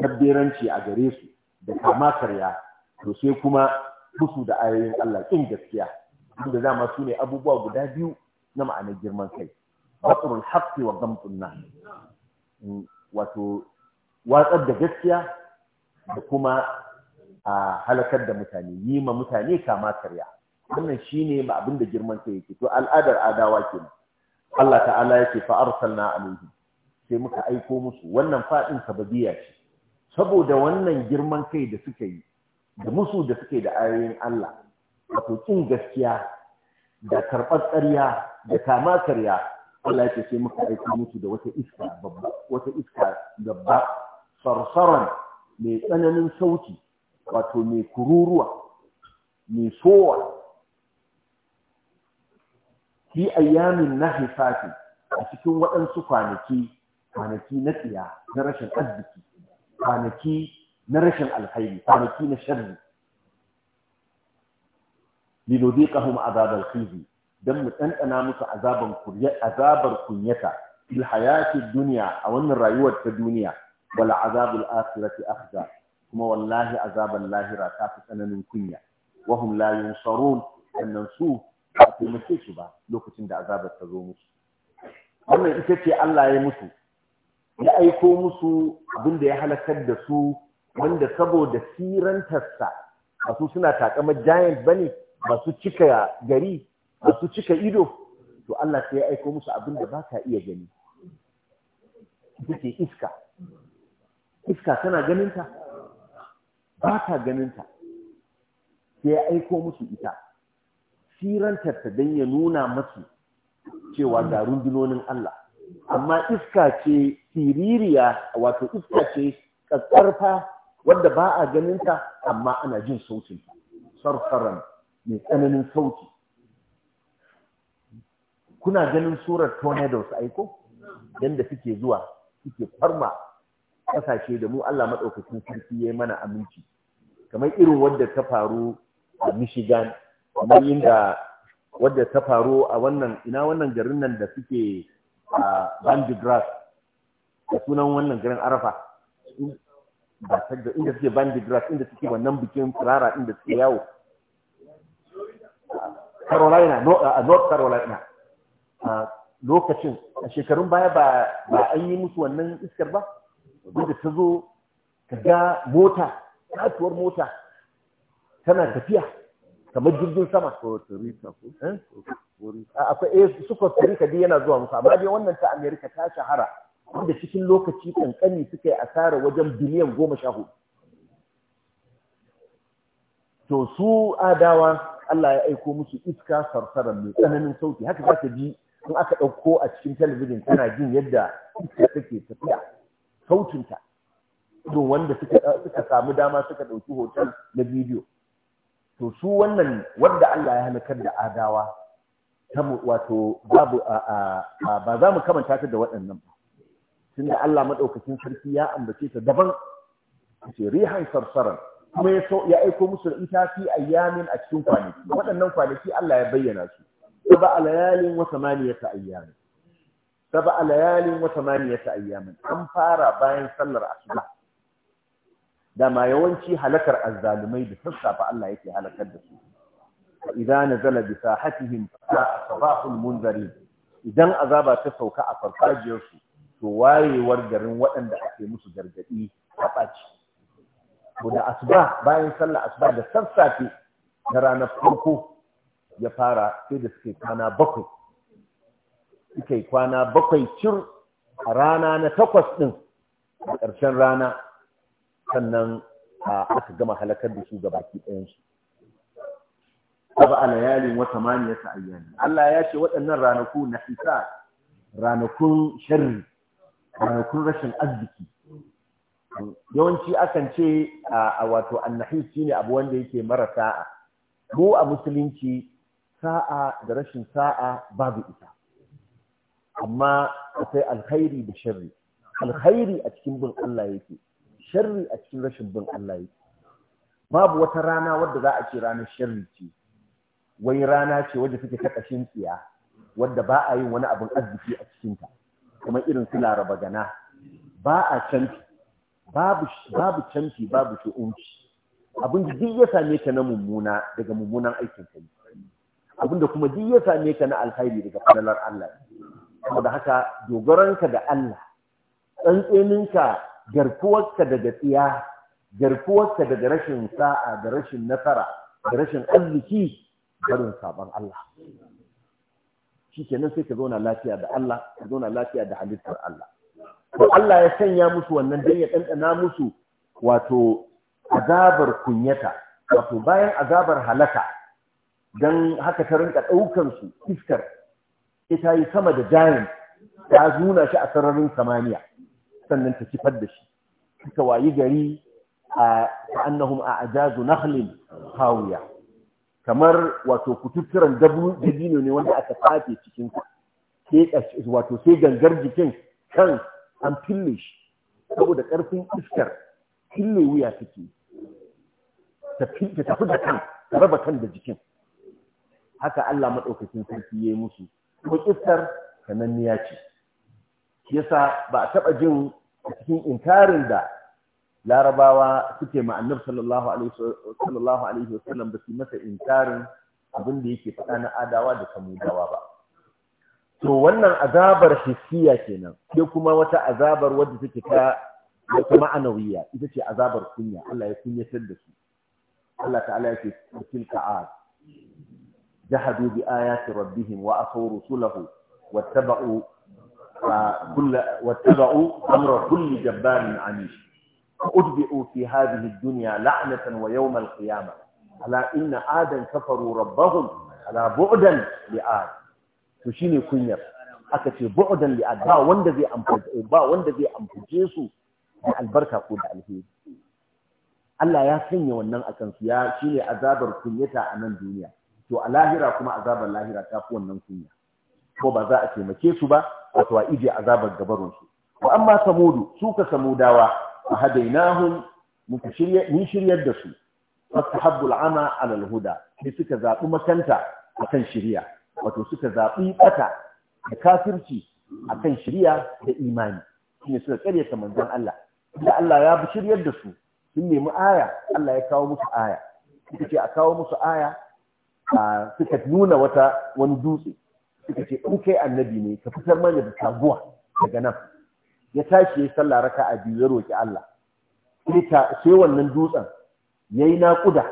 tabberanci a gare su da kama karya to sai kuma musu da ayoyin Allah kin gaskiya inda zama su ne abubuwa guda biyu na ma'anar girman kai batrul haqqi wa gamtun mm, wato watsar da gaskiya da kuma a halakar da mutane yi ma mutane kama karya wannan shine ba abin da girman ta yake to al'adar adawa ke Allah ta'ala ya ce, fa’arsal na alaihi sai muka aiko musu wannan faɗin sababiya ce saboda wannan girman kai da suka yi da musu da suke da ayoyin Allah wato kin gaskiya da karɓar ƙarya da kama karya Allah ya ce sai muka aiko musu da wata iska babba wata iska babba sarsaran mai tsananin sauti wato mai kururuwa mai sowa fi ayyamin nahifati a cikin waɗansu kwanaki kwanaki na tsiya na rashin arziki kwanaki na rashin alkhairi kwanaki na sharri linudhiqahum azab azabar khizi Don mu ɗanɗana musu azabar kunyata fil duniya a wannan rayuwar ta duniya Wala azabul akhirati akhza kuma wallahi azabar lahira ta fi tsananin kunya wa hum la yunsarun sannan su ba a taimake shi ba lokacin da azabar ta zo musu wannan ita ce Allah ya mutu ya aiko musu abin da ya halakar da su wanda saboda sirantarsa a su suna takamar giant bane ba su cika gari ba su cika ido to Allah sai ya aiko musu abin da ba ka iya gani ita ce iska iska tana ganinta ba ta ganinta sai ya aiko musu ita sirantar ta don ya nuna masu cewa ga rundunonin Allah amma iska ce siririya wato iska ce ƙarfa wadda ba a ganinta amma ana jin sautin sarsaran mai tsananin sauti kuna ganin surar tornadoes aiko Yanda suke zuwa suke farma ƙasashe da mu Allah maɗaukacin sarki ya yi mana aminci kamar irin wadda ta faru a Michigan kamar inda wadda ta faru a wannan ina wannan garin nan da suke a bandigras da sunan wannan garin arafa ba inda suke bandigras inda suke wannan bikin tsirara inda suke yawo carolina a north carolina a lokacin a shekarun baya ba an yi musu wannan iskar ba wadda ta zo ka ga mota katuwar mota tana tafiya kamar jirgin sama Costa Rica ko eh? akwai eh, su dai yana zuwa musu amma dai wannan ta America ta shahara wanda cikin lokaci kankani suka yi asara wajen biliyan goma sha hudu to su adawa Allah ya aiko musu iska sarsarar mai tsananin sauti haka za ka ji in aka ɗauko a cikin talabijin tana jin yadda iska take tafiya sautinta don wanda suka samu dama suka ɗauki hoton na bidiyo to su wannan wanda Allah ya halakar da adawa wato babu ba za mu kamanta ta da waɗannan ba tunda Allah madaukakin sarki ya ambace ta daban ce rihan sarsaran kuma ya ya aiko musu da ita fi ayyamin a cikin kwanaki waɗannan kwanaki Allah ya bayyana su saba layalin wa samaniyata ayyamin saba alayalin wa samaniyata ayyamin an fara bayan sallar asuba dama yawanci halakar azzalumai da sassafa Allah yake halakar da su idza nazala bi sahatihim fa sabahul munzari idan azaba ta sauka a farfajiyar su to wayewar garin waɗanda ake musu gargadi kabaci to da asuba bayan sallah asuba da sassafe na ranar farko ya fara sai da suke kwana bakwai suke kwana bakwai cir a rana na takwas din a ƙarshen rana sannan aka gama halakar da su gabaki ɗayansu saba a layalin wata maniyata ayyani Allah ya ce waɗannan ranaku na isa ranakun sharri ranakun rashin arziki yawanci akan ce a wato annahis shine abu wanda yake mara sa'a ko a musulunci sa'a da rashin sa'a babu ita amma akwai alkhairi da sharri alkhairi a cikin bin Allah yake sharri a cikin rashin bin Allah yi. babu wata rana wadda za a ce ranar sharri ce wai rana ce wadda take ta tsiya wadda ba a yin wani abin arziki a cikin ta kuma irin su laraba gana ba a canfi babu babu canfi babu shu'unci abin da duk ya same ka na mummuna daga mummunan aikin ka abin da kuma duk ya same ka na alkhairi daga fadalar Allah saboda haka dogaranka da Allah tsantseninka garkuwarka daga tsiya garkuwarka daga rashin sa'a da rashin nasara da rashin arziki barin sabon Allah shi kenan sai ka zauna lafiya da Allah ka zauna lafiya da halittar Allah to Allah ya sanya musu wannan dan ya ɗanɗana musu wato azabar kunyata wato bayan azabar halaka dan haka ta rinka ɗaukar su iskar ita yi sama da giant ta zuna shi a sararin samaniya sannan ta kifar da shi suka wayi gari a annahum a ajazu nakhlin hawiya kamar wato kututturan dabino ne wanda aka tsafe cikin wato sai gangar jikin kan an fille shi saboda ƙarfin iskar fille wuya take ta tafi da kan ta raba kan da jikin haka Allah maɗaukakin sarki ya yi musu kuma iskar sananniya ce yasa ba a taɓa jin cikin inkarin da larabawa suke ma annabi sallallahu alaihi wasallam ba su masa inkarin abin da yake faɗa na adawa da samudawa ba to wannan azabar hissiya kenan sai kuma wata azabar wadda take ta wata ita ce azabar kunya Allah ya kunyatar da su Allah ta'ala yake tilka a jahadu bi ayati rabbihim wa asaw rusulahu wattaba'u كل واتبعوا أمر كل جبار عنيش فأتبعوا في هذه الدنيا لعنة ويوم القيامة على إن آدا كفروا ربهم على بعدا لآد تشيني كنير أكتي بعدا لآد با وند ذي أمفج با وند ذي أمفجيسو البركة قد الهيد Allah ya sanya wannan a kansu ya shine azabar kunyata a nan duniya to a lahira kuma azabar lahira ta fi wannan kunya ko ba za a taimake su ba wato a ije azabar gabarinsu wa amma samudu suka samudawa a hadainahum muka shirya shiryar da su fastahabbu al'ama ala al-huda sai suka zaɓi makanta akan shiriya wato suka zaɓi bata da kafirci akan shiriya da imani shine suka kare manzon Allah da Allah ya bi shiryar da su sun nemi aya Allah ya kawo musu aya suka ce a kawo musu aya suka nuna wata wani dutse suka ce in kai annabi ne ka fitar mana da taguwa daga nan ya tashi ya sallah raka a biyu ya roki Allah sai wannan dutsen yayi naƙuda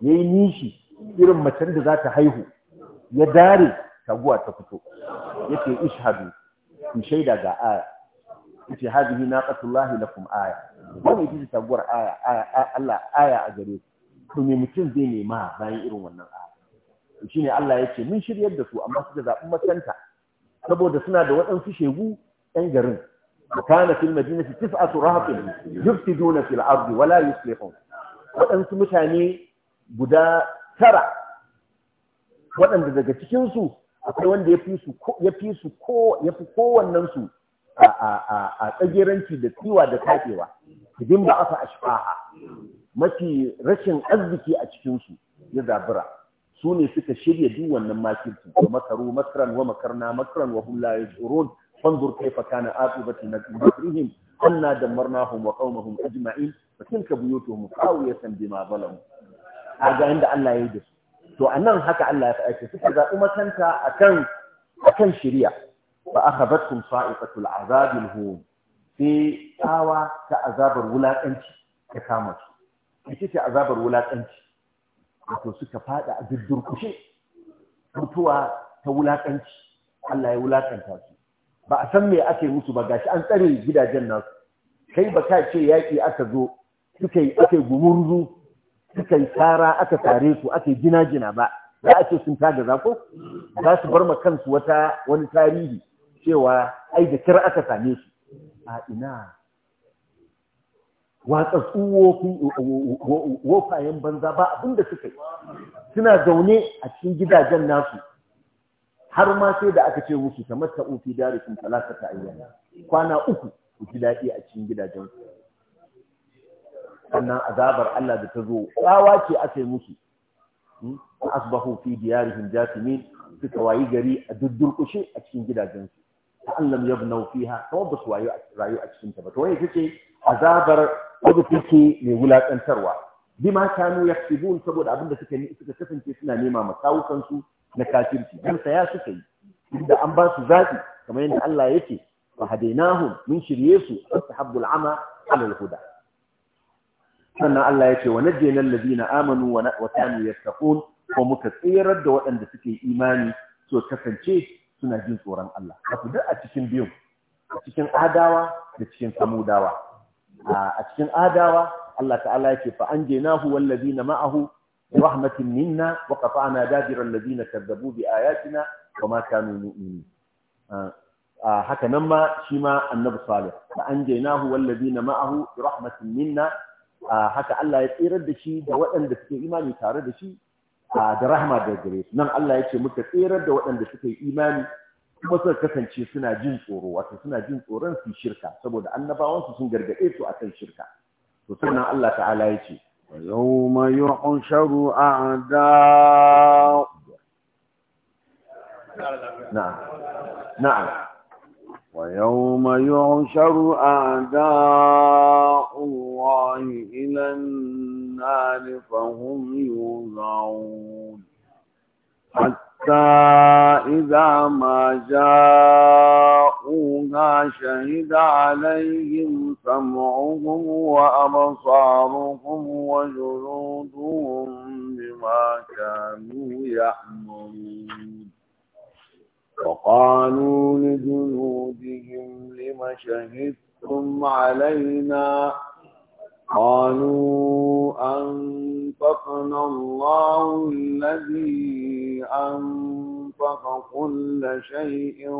yayi nishi irin macen da za ta haihu ya dare taguwa ta fito yace ishadu ku shaida ga aya na, hadhihi naqatullahi lakum aya wannan ita taguwar aya aya Allah aya a gare ku to me mutum zai nema bayan irin wannan aya shine Allah ce mun shiryar da su amma suka zaɓi makanta saboda suna da waɗansu shegu ɗan garin kana fil madinati tis'atu rahatin yufsiduna fil ardi wala yuslihun waɗansu mutane guda tara waɗanda daga cikin su akwai wanda ya fi su ya fi su ko ya fi kowannen su a a a tsageranci da tsiwa da kafewa hidin ba aka ashfaha mafi rashin arziki a cikin su ya zabura su ne suka shirya duk wannan makirci wa makaru makran wa makarna makran wa hum la yashurun fanzur kayfa kana aqibatu makrihim anna damarnahum wa qaumahum ajma'in fa tilka buyutuhum qawiyatan bima zalamu kaga inda Allah ya yi da su to anan haka Allah ya faɗa suka zaɓi makanta akan akan shari'a fa akhabatkum sa'iqatul azabil hum sai tsawa ta azabar wulaƙanci ta kama su ita azabar wulakanci wato suka fada a durkushe mutuwa ta wulakanci Allah ya wulakanta su ba a san me ake musu ba gashi an tsare gidajen nasu kai baka ce yaƙi aka zo suka yi ake gumurzu suka yi tsara aka tare su aka gina gina ba za a ce sun taga za ko za su bar ma kansu wata wani tarihi cewa ai da kira aka same su a ina watsatsu wofayen banza ba abin da suka yi suna zaune a cikin gidajen nasu har ma sai da aka ce musu ta mata ofi dari sun talata ta ayyana kwana uku ku ji daɗi a cikin gidajen sannan azabar Allah da ta zo tsawa ce aka yi musu hmm? asbahu fi diyarihim jasimin suka wayi gari a duddurkushe a cikin gidajen su ta allam yabnau fiha ta ba su rayu a cikin ta ba to wai ce azabar wadda suke mai wulaƙantarwa bima kanu bun saboda abinda suka suka kasance suna nema ma kawukansu na kafirci dan saya suka yi inda an ba su zafi kamar yadda Allah yake fa hu mun shirye su fastahabbul ama ala al-huda sannan Allah yake wa najjayna alladhina amanu wa kanu yattaqun ko muka tsirar da waɗanda suke imani su kasance suna jin tsoron Allah ka duk a cikin biyu a cikin adawa da cikin samudawa a cikin adawa Allah ta'ala yake fa anjaynahu wallabi na ma'ahu rahmatin minna wa qata'na dabira alladina kadzabu bi ayatina wa ma kanu mu'minin haka nan ma shi ma annabi salih fa anjaynahu wallabi na ma'ahu rahmatin minna haka Allah ya tsirar da shi da waɗanda suke imani tare da shi da rahma da gare nan Allah yake muka tsirar da waɗanda suke imani kuma suka kasance suna jin tsoro wato suna jin tsoron su shirka saboda annabawansu sun gargaɗe su akan shirka to sannan Allah ta'ala ya ce يوم يحشر أعداء na'am نعم ويوم يحشر أعداء الله إلى النار فهم يوزعون حتى حتى إذا ما جاءوها شهد عليهم سمعهم وأبصارهم وجلودهم بما كانوا يعملون وقالوا لجلودهم لم شهدتم علينا قالوا أنطقنا الله الذي أنطق كل شيء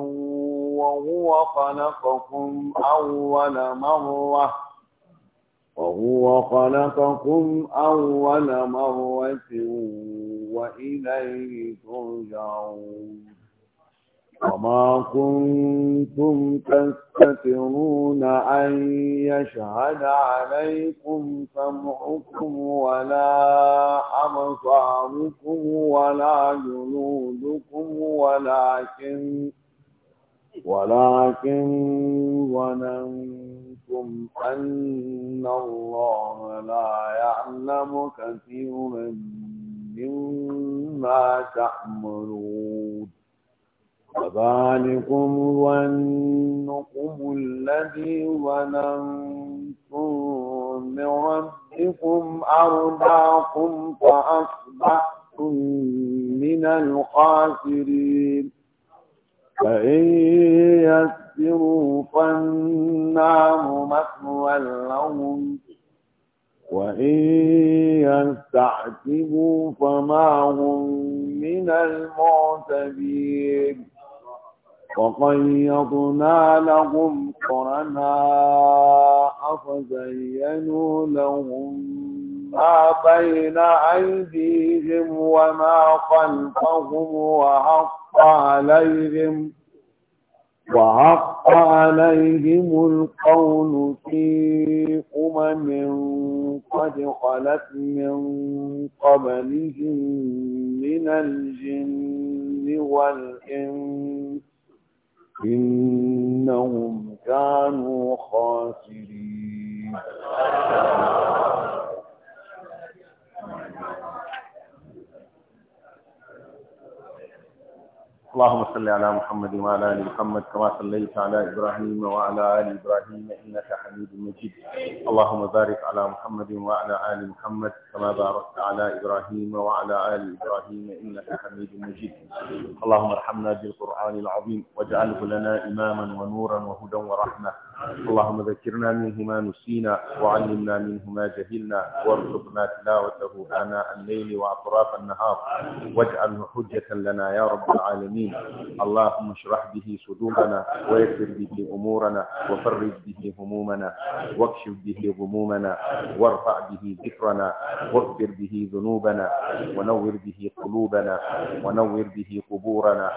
وهو خلقكم أول مرة وهو خلقكم أول مرة وإليه ترجعون وما كنتم تستطيعون أن يشهد عليكم سمعكم ولا أبصاركم ولا جلودكم ولكن ولكن ظننتم أن الله لا يعلم كثيرا مما تعملون وذلكم ظنكم الذي ظننتم بربكم أرداكم فأصبحتم من الخاسرين فإن يسروا فالنار مثوى لهم وإن يستعتبوا فما هم من المعتبين وقيضنا لهم قرناء فزينوا لهم ما بين أيديهم وما خلفهم وحق عليهم وحق عليهم القول في أمم قد خلت من قبلهم من الجن والإنس إنهم كانوا خاسرين اللهم صل على محمد وعلى ال محمد كما صليت على ابراهيم وعلى ال ابراهيم انك حميد مجيد اللهم بارك على محمد وعلى ال محمد كما باركت على ابراهيم وعلى ال ابراهيم انك حميد مجيد اللهم ارحمنا بالقران العظيم واجعله لنا اماما ونورا وهدى ورحمه اللهم ذكرنا منه ما نسينا وعلمنا منه ما جهلنا وارزقنا تلاوته آناء الليل وأطراف النهار واجعله حجة لنا يا رب العالمين اللهم اشرح به صدورنا ويسر به أمورنا وفرج به همومنا واكشف به غمومنا وارفع به ذكرنا واغفر به ذنوبنا ونور به قلوبنا ونور به قبورنا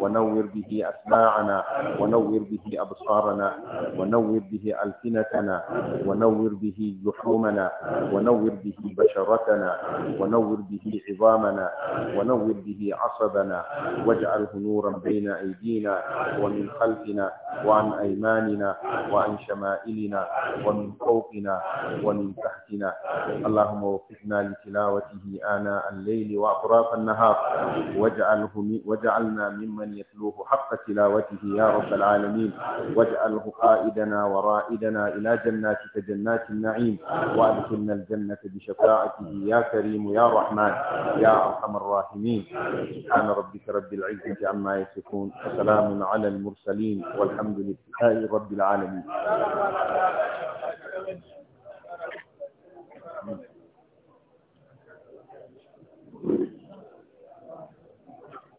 ونور به أسماعنا ونور به أبصارنا ونور به ألسنتنا ونور به جحومنا ونور به بشرتنا ونور به عظامنا ونور به عصبنا واجعله نورا بين أيدينا ومن خلفنا وعن أيماننا وعن شمائلنا ومن فوقنا ومن تحتنا اللهم وفقنا لتلاوته آناء الليل وأطراف النهار واجعله واجعلنا ممن يتلوه حق تلاوته يا رب العالمين واجعله قائدا قائدنا ورائدنا إلى جناتك جنات النعيم وأدخلنا الجنة بشفاعته يا كريم يا رحمن يا أرحم الراحمين سبحان ربك رب العزة عما يصفون وسلام على المرسلين والحمد لله رب العالمين